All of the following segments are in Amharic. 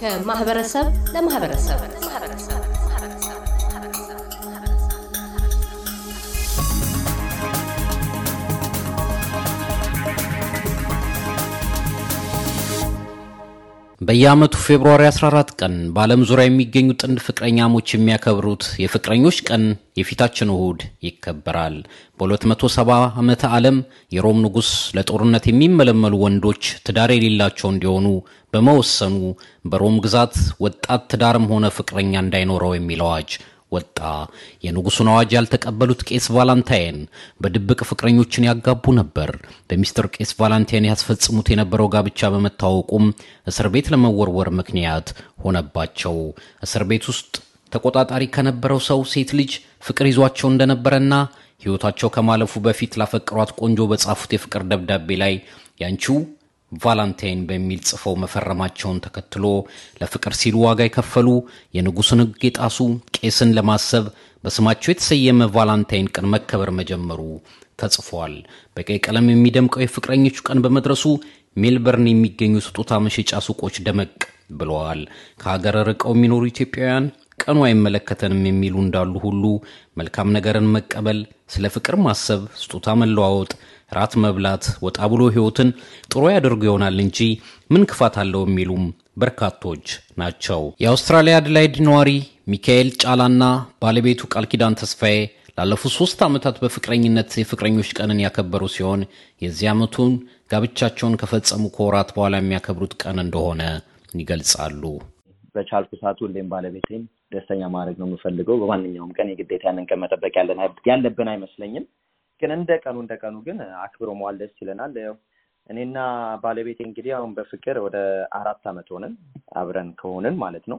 ከማህበረሰብ ለማህበረሰብ በየዓመቱ ፌብርዋሪ 14 ቀን በዓለም ዙሪያ የሚገኙ ጥንድ ፍቅረኛሞች የሚያከብሩት የፍቅረኞች ቀን የፊታችን እሁድ ይከበራል። በ270 ዓመተ ዓለም የሮም ንጉሥ ለጦርነት የሚመለመሉ ወንዶች ትዳር የሌላቸው እንዲሆኑ በመወሰኑ በሮም ግዛት ወጣት ትዳርም ሆነ ፍቅረኛ እንዳይኖረው የሚል አዋጅ ወጣ። የንጉሱን አዋጅ ያልተቀበሉት ቄስ ቫላንታይን በድብቅ ፍቅረኞችን ያጋቡ ነበር። በሚስተር ቄስ ቫላንታይን ያስፈጽሙት የነበረው ጋብቻ በመታወቁም እስር ቤት ለመወርወር ምክንያት ሆነባቸው። እስር ቤት ውስጥ ተቆጣጣሪ ከነበረው ሰው ሴት ልጅ ፍቅር ይዟቸው እንደነበረና ሕይወታቸው ከማለፉ በፊት ላፈቅሯት ቆንጆ በጻፉት የፍቅር ደብዳቤ ላይ ያንቺው ቫላንታይን በሚል ጽፈው መፈረማቸውን ተከትሎ ለፍቅር ሲሉ ዋጋ የከፈሉ የንጉሥን ሕግ የጣሱ ቄስን ለማሰብ በስማቸው የተሰየመ ቫላንታይን ቀን መከበር መጀመሩ ተጽፏል። በቀይ ቀለም የሚደምቀው የፍቅረኞቹ ቀን በመድረሱ ሜልበርን የሚገኙ ስጦታ መሸጫ ሱቆች ደመቅ ብለዋል። ከሀገር ርቀው የሚኖሩ ኢትዮጵያውያን ቀኑ አይመለከተንም የሚሉ እንዳሉ ሁሉ መልካም ነገርን መቀበል፣ ስለ ፍቅር ማሰብ፣ ስጦታ መለዋወጥ ራት መብላት ወጣ ብሎ ህይወትን ጥሩ ያደርጉ ይሆናል እንጂ ምን ክፋት አለው የሚሉም በርካቶች ናቸው። የአውስትራሊያ አድላይድ ነዋሪ ሚካኤል ጫላና ባለቤቱ ቃል ኪዳን ተስፋዬ ላለፉት ሶስት ዓመታት በፍቅረኝነት የፍቅረኞች ቀንን ያከበሩ ሲሆን የዚህ ዓመቱን ጋብቻቸውን ከፈጸሙ ከወራት በኋላ የሚያከብሩት ቀን እንደሆነ ይገልጻሉ። በቻልኩ ሰዓት ሁሌም ባለቤቴን ደስተኛ ማድረግ ነው የምፈልገው። በማንኛውም ቀን የግዴታ ያንን ቀን መጠበቅ ያለብን አይመስለኝም። ግን እንደ ቀኑ እንደ ቀኑ ግን አክብሮ መዋል ደስ ይለናል። ያው እኔና ባለቤቴ እንግዲህ አሁን በፍቅር ወደ አራት አመት ሆነን አብረን ከሆንን ማለት ነው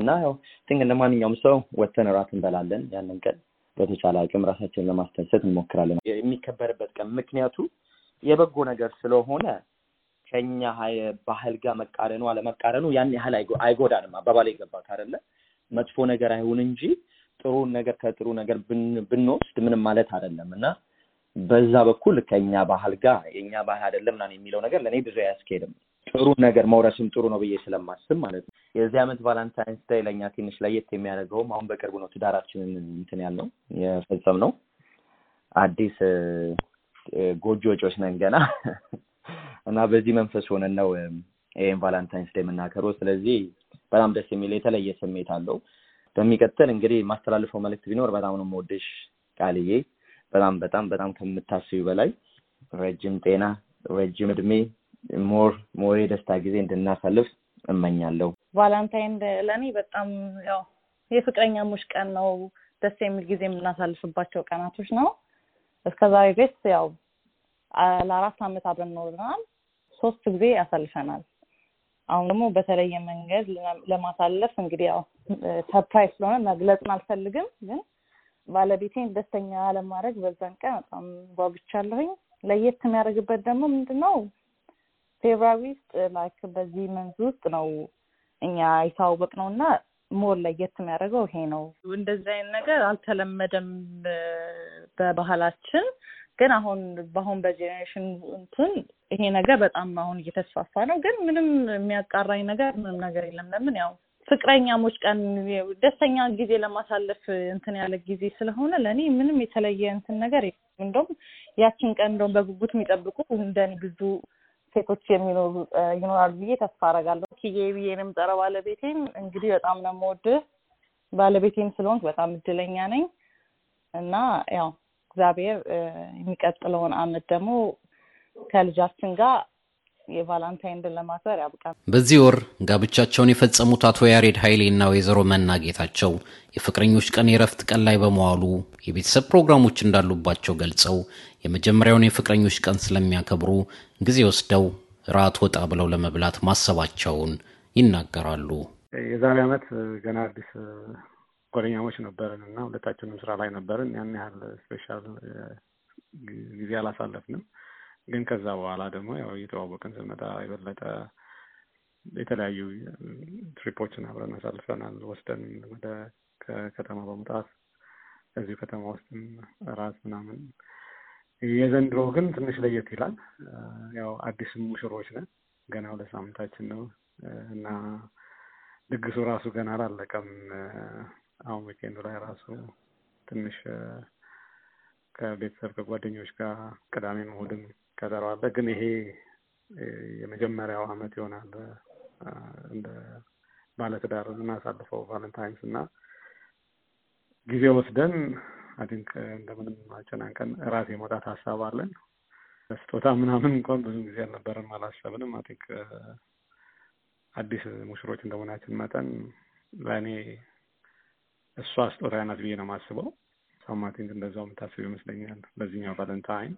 እና ያው ቲንክ እንደ ማንኛውም ሰው ወተን እራት እንበላለን። ያንን ቀን በተቻለ አቅም ራሳችንን ለማስተንሰት እንሞክራለን። የሚከበርበት ቀን ምክንያቱ የበጎ ነገር ስለሆነ ከኛ ባህል ጋር መቃረኑ አለመቃረኑ ያን ያህል አይጎዳንም። አባባል የገባት ካደለ መጥፎ ነገር አይሁን እንጂ ጥሩን ነገር ከጥሩ ነገር ብንወስድ ምንም ማለት አደለም እና በዛ በኩል ከእኛ ባህል ጋር የእኛ ባህል አደለም ና የሚለው ነገር ለእኔ ብዙ አያስኬድም። ጥሩ ነገር መውረስም ጥሩ ነው ብዬ ስለማስብ ማለት ነው። የዚህ ዓመት ቫላንታይንስ ዳይ ለእኛ ትንሽ ለየት የሚያደርገውም አሁን በቅርቡ ነው ትዳራችንን እንትን ያልነው የፈጸም ነው። አዲስ ጎጆ ወጪዎች ነን ገና እና በዚህ መንፈስ ሆነን ነው ይህን ቫላንታይንስ ዳይ የምናከረው። ስለዚህ በጣም ደስ የሚል የተለየ ስሜት አለው። በሚቀጥል እንግዲህ የማስተላልፈው መልእክት ቢኖር በጣም ነው የምወደሽ ቃልዬ። በጣም በጣም በጣም ከምታስቢ በላይ ረጅም ጤና፣ ረጅም እድሜ፣ ሞር ሞሬ ደስታ ጊዜ እንድናሳልፍ እመኛለሁ። ቫላንታይን ለእኔ በጣም ያው ሙሽ ቀን ነው። ደስ የሚል ጊዜ የምናሳልፍባቸው ቀናቶች ነው። እስከ ዛሬ ድረስ ያው ለአራት አመት አብረን ኖርናል። ሶስት ጊዜ ያሳልፈናል። አሁን ደግሞ በተለየ መንገድ ለማሳለፍ እንግዲህ ያው ሰርፕራይዝ ስለሆነ መግለጽ አልፈልግም፣ ግን ባለቤቴን ደስተኛ ለማድረግ በዛን ቀን በጣም ጓጉቻለሁኝ። ለየት የሚያደርግበት ደግሞ ምንድን ነው ፌብራሪ ውስጥ ላይክ በዚህ መንዝ ውስጥ ነው እኛ የተዋወቅ ነው እና ሞር ለየት የሚያደርገው ይሄ ነው። እንደዚህ አይነት ነገር አልተለመደም በባህላችን ግን አሁን በአሁን በጄኔሬሽን እንትን ይሄ ነገር በጣም አሁን እየተስፋፋ ነው። ግን ምንም የሚያቃራኝ ነገር ምንም ነገር የለም። ለምን ያው ፍቅረኛሞች ቀን ደስተኛ ጊዜ ለማሳለፍ እንትን ያለ ጊዜ ስለሆነ ለእኔ ምንም የተለየ እንትን ነገር እንደም ያችን ቀን እንደም በጉጉት የሚጠብቁ እንደኔ ብዙ ሴቶች የሚኖሩ ይኖራሉ ብዬ ተስፋ አረጋለሁ። ኪዬ ብዬ ነው የምጠራው። ባለቤቴም እንግዲህ በጣም ነው የምወድህ። ባለቤቴም ስለሆንክ በጣም እድለኛ ነኝ እና ያው እግዚአብሔር የሚቀጥለውን አመት ደግሞ ከልጃችን ጋር የቫላንታይን ድን ለማክበር ያብቃል። በዚህ ወር ጋብቻቸውን የፈጸሙት አቶ ያሬድ እና ወይዘሮ መና ጌታቸው የፍቅረኞች ቀን የእረፍት ቀን ላይ በመዋሉ የቤተሰብ ፕሮግራሞች እንዳሉባቸው ገልጸው የመጀመሪያውን የፍቅረኞች ቀን ስለሚያከብሩ ጊዜ ወስደው ራት ወጣ ብለው ለመብላት ማሰባቸውን ይናገራሉ። የዛሬ አመት ገና አዲስ ጓደኛሞች ነበርን እና ሁለታችንም ስራ ላይ ነበርን። ያን ያህል ስፔሻል ጊዜ አላሳለፍንም። ግን ከዛ በኋላ ደግሞ ያው እየተዋወቅን ስንመጣ የበለጠ የተለያዩ ትሪፖችን አብረን አሳልፈናል። ወስደን ወደ ከተማ በመውጣት እዚሁ ከተማ ውስጥም ራት ምናምን። የዘንድሮ ግን ትንሽ ለየት ይላል። ያው አዲስ ሙሽሮች ነን፣ ገና ሁለት ሳምንታችን ነው እና ድግሱ ራሱ ገና አላለቀም። አሁን ዊኬንዱ ላይ ራሱ ትንሽ ከቤተሰብ ከጓደኞች ጋር ቅዳሜ እሑድም ቀጠሮ አለ። ግን ይሄ የመጀመሪያው አመት ይሆናል እንደ ባለትዳር የምናሳልፈው ቫለንታይንስ እና ጊዜ ወስደን አድንቅ እንደምንም አጨናንቀን ራሴ መውጣት ሀሳብ አለን። ስጦታ ምናምን እንኳን ብዙ ጊዜ አልነበረም፣ አላሰብንም። አቲክ አዲስ ሙሽሮች እንደመሆናችን መጠን ለእኔ እሷ ስጦታ ናት ብዬ ነው የማስበው። ሳማቲንት እንደዛው የምታስብ ይመስለኛል። በዚህኛው ቫለንታይን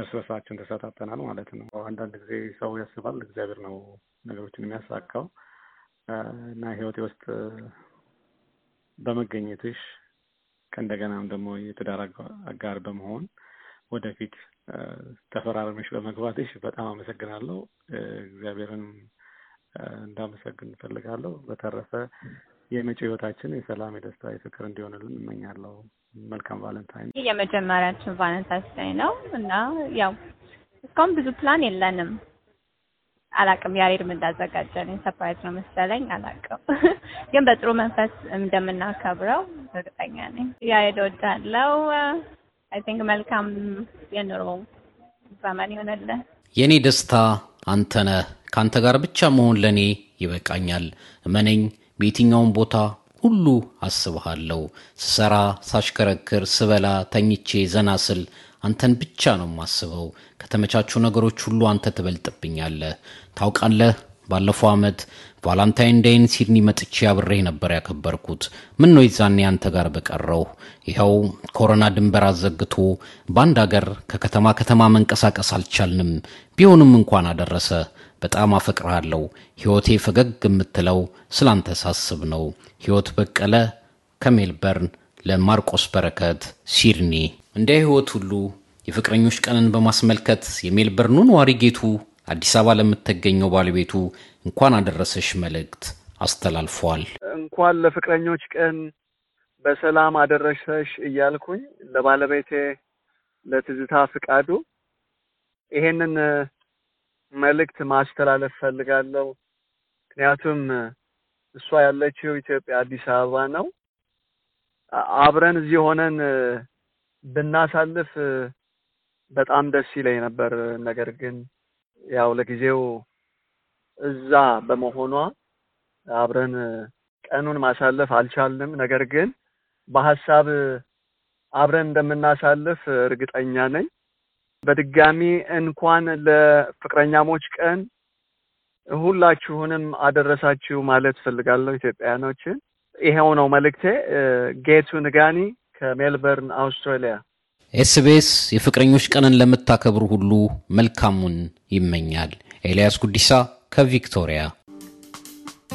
እርስ በርሳችን ተሰጣጥተናል ማለት ነው። አንዳንድ ጊዜ ሰው ያስባል፣ እግዚአብሔር ነው ነገሮችን የሚያሳካው እና ህይወቴ ውስጥ በመገኘትሽ ከእንደገናም ደግሞ የትዳር አጋር በመሆን ወደፊት ተፈራርመሽ በመግባትሽ በጣም አመሰግናለሁ። እግዚአብሔርን እንዳመሰግን እፈልጋለሁ። በተረፈ የመጪው ህይወታችን የሰላም፣ የደስታ፣ የፍቅር እንዲሆንልን እመኛለሁ። መልካም ቫለንታይን። የመጀመሪያችን ቫለንታይንስ ነው እና ያው እስካሁን ብዙ ፕላን የለንም። አላቅም ያሬድ ምን ሰፕራይዝ ነው መሰለኝ አላቅም፣ ግን በጥሩ መንፈስ እንደምናከብረው እርግጠኛ ነኝ። ያሬድ ወዳለው አይ ቲንክ መልካም የኑሮ ዘመን ይሆነልን። የእኔ ደስታ አንተ ከአንተ ጋር ብቻ መሆን ለእኔ ይበቃኛል። እመነኝ በየትኛውም ቦታ ሁሉ አስብሃለሁ። ስሰራ፣ ሳሽከረክር፣ ስበላ፣ ተኝቼ፣ ዘና ስል አንተን ብቻ ነው የማስበው። ከተመቻቹ ነገሮች ሁሉ አንተ ትበልጥብኛለህ። ታውቃለህ፣ ባለፈው ዓመት ቫላንታይን ዴይን ሲድኒ መጥቼ አብሬ ነበር ያከበርኩት። ምን ነው ይዛኔ አንተ ጋር በቀረው። ይኸው ኮሮና ድንበር አዘግቶ በአንድ አገር ከከተማ ከተማ መንቀሳቀስ አልቻልንም። ቢሆንም እንኳን አደረሰ። በጣም አፈቅርሃለሁ። ሕይወቴ ፈገግ የምትለው ስላንተ ሳስብ ነው። ሕይወት በቀለ ከሜልበርን ለማርቆስ በረከት ሲድኒ። እንደ ሕይወት ሁሉ የፍቅረኞች ቀንን በማስመልከት የሜልበርኑ ነዋሪ ጌቱ አዲስ አበባ ለምትገኘው ባለቤቱ እንኳን አደረሰሽ መልእክት አስተላልፏል። እንኳን ለፍቅረኞች ቀን በሰላም አደረሰሽ እያልኩኝ ለባለቤቴ ለትዝታ ፍቃዱ ይሄንን መልእክት ማስተላለፍ ፈልጋለሁ። ምክንያቱም እሷ ያለችው ኢትዮጵያ አዲስ አበባ ነው። አብረን እዚህ ሆነን ብናሳልፍ በጣም ደስ ይለኝ ነበር። ነገር ግን ያው ለጊዜው እዛ በመሆኗ አብረን ቀኑን ማሳለፍ አልቻልንም። ነገር ግን በሀሳብ አብረን እንደምናሳልፍ እርግጠኛ ነኝ። በድጋሚ እንኳን ለፍቅረኛሞች ቀን ሁላችሁንም አደረሳችሁ ማለት ፈልጋለሁ ኢትዮጵያኖችን። ይሄው ነው መልእክቴ። ጌቱ ንጋኒ ከሜልበርን አውስትራሊያ። ኤስቢኤስ የፍቅረኞች ቀንን ለምታከብሩ ሁሉ መልካሙን ይመኛል። ኤልያስ ጉዲሳ ከቪክቶሪያ